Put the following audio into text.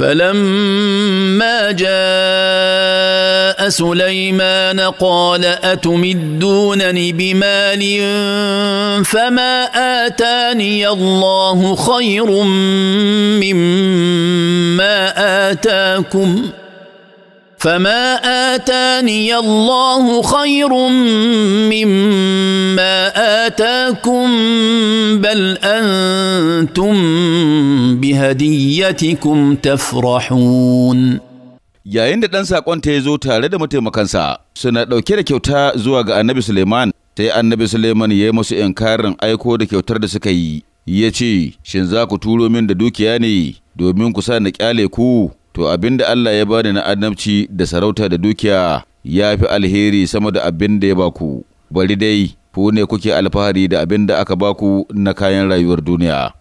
فلما جاء سليمان قال اتمدونني بمال فما اتاني الله خير مما اتاكم فما اتاني الله خير مما اتاكم بل انتم بهديتكم تفرحون yayin da ɗan saƙonta ya zo tare da mataimakansa suna ɗauke da kyauta zuwa ga annabi Suleiman sai annabi Suleiman ya yi musu inkarin aiko da kyautar da suka yi ya ce shin za ku turo min da dukiya ne domin ku sa na kyale ku to abin da Allah ya bani na annabci da sarauta da dukiya ya fi alheri sama da abin da ya baku bari dai ku ne kuke alfahari da abin da aka baku na kayan rayuwar duniya